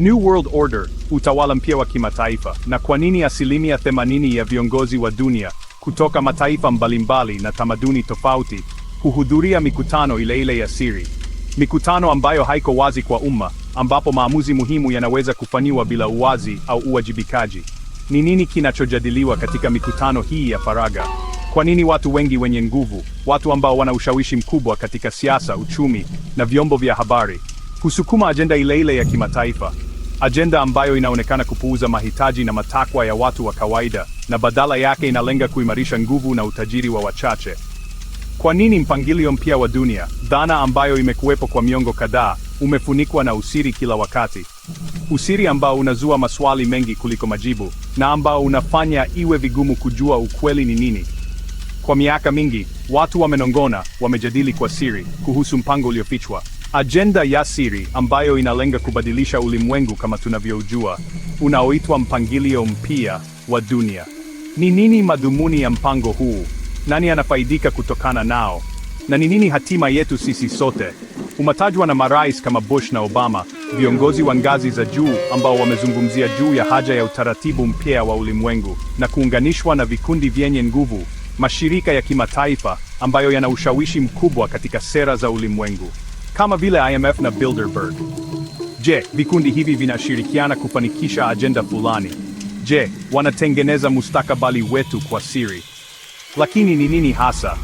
New World Order, utawala mpya wa kimataifa, na kwa nini asilimia 80 ya viongozi wa dunia kutoka mataifa mbalimbali na tamaduni tofauti huhudhuria mikutano ile ile ya siri, mikutano ambayo haiko wazi kwa umma, ambapo maamuzi muhimu yanaweza kufanyiwa bila uwazi au uwajibikaji. Ni nini kinachojadiliwa katika mikutano hii ya faraga Kwa nini watu wengi wenye nguvu, watu ambao wana ushawishi mkubwa katika siasa, uchumi na vyombo vya habari husukuma ajenda ile ile ya kimataifa? ajenda ambayo inaonekana kupuuza mahitaji na matakwa ya watu wa kawaida na badala yake inalenga kuimarisha nguvu na utajiri wa wachache. Kwa nini mpangilio mpya wa dunia, dhana ambayo imekuwepo kwa miongo kadhaa, umefunikwa na usiri kila wakati? Usiri ambao unazua maswali mengi kuliko majibu na ambao unafanya iwe vigumu kujua ukweli ni nini. Kwa miaka mingi, watu wamenongona, wamejadili kwa siri kuhusu mpango uliofichwa Ajenda ya siri ambayo inalenga kubadilisha ulimwengu kama tunavyojua, unaoitwa mpangilio mpya wa dunia. Ni nini madhumuni ya mpango huu? Nani anafaidika kutokana nao? Na ni nini hatima yetu sisi sote? Umetajwa na marais kama Bush na Obama, viongozi wa ngazi za juu ambao wamezungumzia juu ya haja ya utaratibu mpya wa ulimwengu na kuunganishwa na vikundi vyenye nguvu, mashirika ya kimataifa ambayo yana ushawishi mkubwa katika sera za ulimwengu kama vile IMF na Bilderberg. Je, vikundi hivi vinashirikiana kufanikisha ajenda fulani? Je, wanatengeneza mustakabali wetu kwa siri? Lakini ni nini hasa?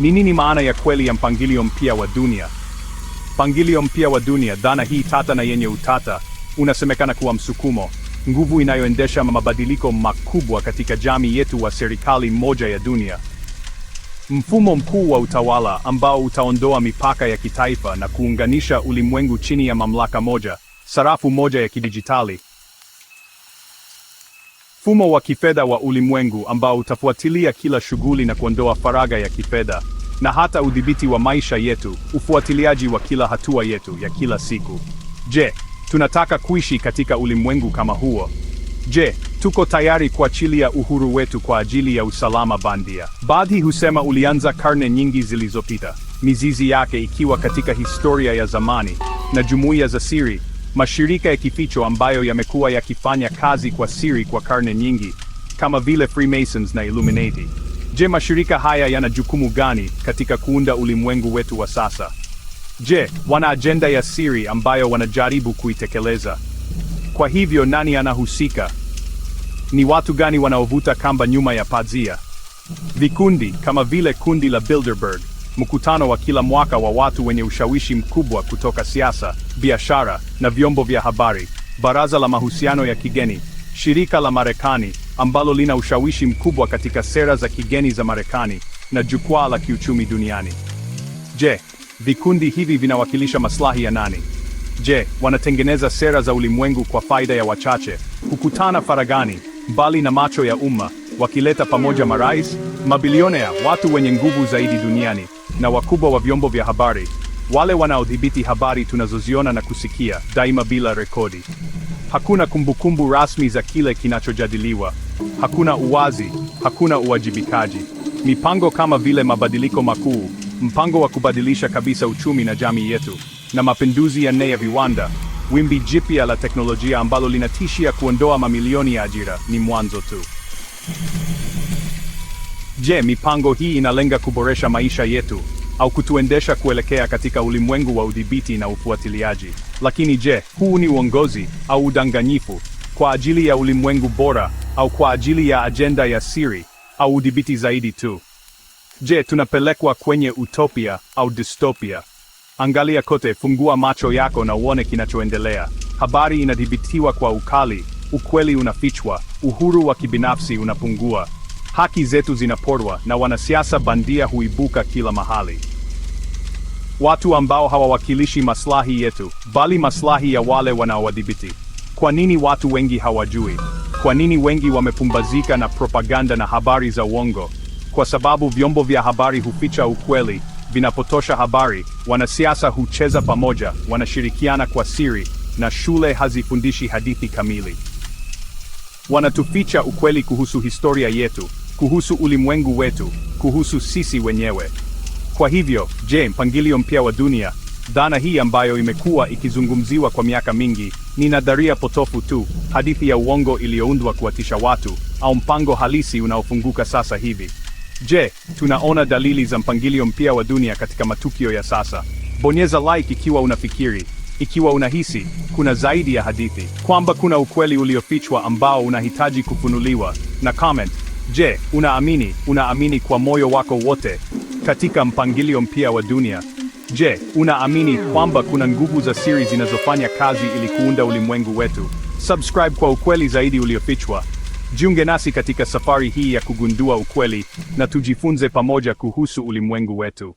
Ni nini maana ya kweli ya mpangilio mpya wa dunia? Mpangilio mpya wa dunia, dhana hii tata na yenye utata, unasemekana kuwa msukumo, nguvu inayoendesha mabadiliko makubwa katika jamii yetu wa serikali moja ya dunia mfumo mkuu wa utawala ambao utaondoa mipaka ya kitaifa na kuunganisha ulimwengu chini ya mamlaka moja, sarafu moja ya kidijitali. Mfumo wa kifedha wa ulimwengu ambao utafuatilia kila shughuli na kuondoa faraga ya kifedha na hata udhibiti wa maisha yetu, ufuatiliaji wa kila hatua yetu ya kila siku. Je, tunataka kuishi katika ulimwengu kama huo? Je, Tuko tayari kuachilia uhuru wetu kwa ajili ya usalama bandia. Baadhi husema ulianza karne nyingi zilizopita, mizizi yake ikiwa katika historia ya zamani na jumuiya za siri, mashirika ya kificho ambayo yamekuwa yakifanya kazi kwa siri kwa karne nyingi, kama vile Freemasons na Illuminati. Je, mashirika haya yana jukumu gani katika kuunda ulimwengu wetu wa sasa? Je, wana ajenda ya siri ambayo wanajaribu kuitekeleza? Kwa hivyo nani anahusika? Ni watu gani wanaovuta kamba nyuma ya pazia? Vikundi kama vile kundi la Bilderberg, mkutano wa kila mwaka wa watu wenye ushawishi mkubwa kutoka siasa, biashara na vyombo vya habari, baraza la mahusiano ya kigeni, shirika la Marekani ambalo lina ushawishi mkubwa katika sera za kigeni za Marekani na jukwaa la kiuchumi duniani. Je, vikundi hivi vinawakilisha maslahi ya nani? Je, wanatengeneza sera za ulimwengu kwa faida ya wachache? kukutana faragani mbali na macho ya umma, wakileta pamoja marais, mabilionea, watu wenye nguvu zaidi duniani na wakubwa wa vyombo vya habari, wale wanaodhibiti habari tunazoziona na kusikia, daima bila rekodi. Hakuna kumbukumbu rasmi za kile kinachojadiliwa, hakuna uwazi, hakuna uwajibikaji. Mipango kama vile mabadiliko makuu, mpango wa kubadilisha kabisa uchumi na jamii yetu, na mapinduzi ya nne ya viwanda Wimbi jipya la teknolojia ambalo linatishia kuondoa mamilioni ya ajira ni mwanzo tu. Je, mipango hii inalenga kuboresha maisha yetu au kutuendesha kuelekea katika ulimwengu wa udhibiti na ufuatiliaji? Lakini je, huu ni uongozi au udanganyifu kwa ajili ya ulimwengu bora au kwa ajili ya ajenda ya siri au udhibiti zaidi tu? Je, tunapelekwa kwenye utopia au dystopia? Angalia kote, fungua macho yako na uone kinachoendelea. Habari inadhibitiwa kwa ukali, ukweli unafichwa, uhuru wa kibinafsi unapungua, haki zetu zinaporwa na wanasiasa bandia huibuka kila mahali. Watu ambao hawawakilishi maslahi yetu, bali maslahi ya wale wanaowadhibiti. Kwa nini watu wengi hawajui? Kwa nini wengi wamepumbazika na propaganda na habari za uongo? Kwa sababu vyombo vya habari huficha ukweli, vinapotosha habari, wanasiasa hucheza pamoja, wanashirikiana kwa siri, na shule hazifundishi hadithi kamili. Wanatuficha ukweli kuhusu historia yetu, kuhusu ulimwengu wetu, kuhusu sisi wenyewe. Kwa hivyo, je, mpangilio mpya wa dunia, dhana hii ambayo imekuwa ikizungumziwa kwa miaka mingi, ni nadharia potofu tu, hadithi ya uongo iliyoundwa kuwatisha watu, au mpango halisi unaofunguka sasa hivi? Je, tunaona dalili za mpangilio mpya wa dunia katika matukio ya sasa? Bonyeza like ikiwa unafikiri, ikiwa unahisi kuna zaidi ya hadithi, kwamba kuna ukweli uliofichwa ambao unahitaji kufunuliwa, na comment, je, unaamini unaamini kwa moyo wako wote katika mpangilio mpya wa dunia? Je, unaamini kwamba kuna nguvu za siri zinazofanya kazi ili kuunda ulimwengu wetu? Subscribe kwa ukweli zaidi uliofichwa. Jiunge nasi katika safari hii ya kugundua ukweli na tujifunze pamoja kuhusu ulimwengu wetu.